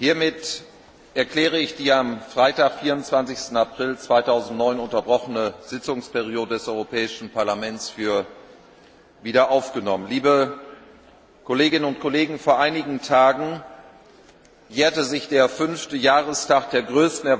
Hiermit erkläre ich die am Freitag, vierundzwanzig. April zweitausendneun unterbrochene Sitzungsperiode des Europäischen Parlaments für wieder aufgenommen. Liebe Kolleginnen und Kollegen, vor einigen Tagen jährte sich der fünfte Jahrestag der größten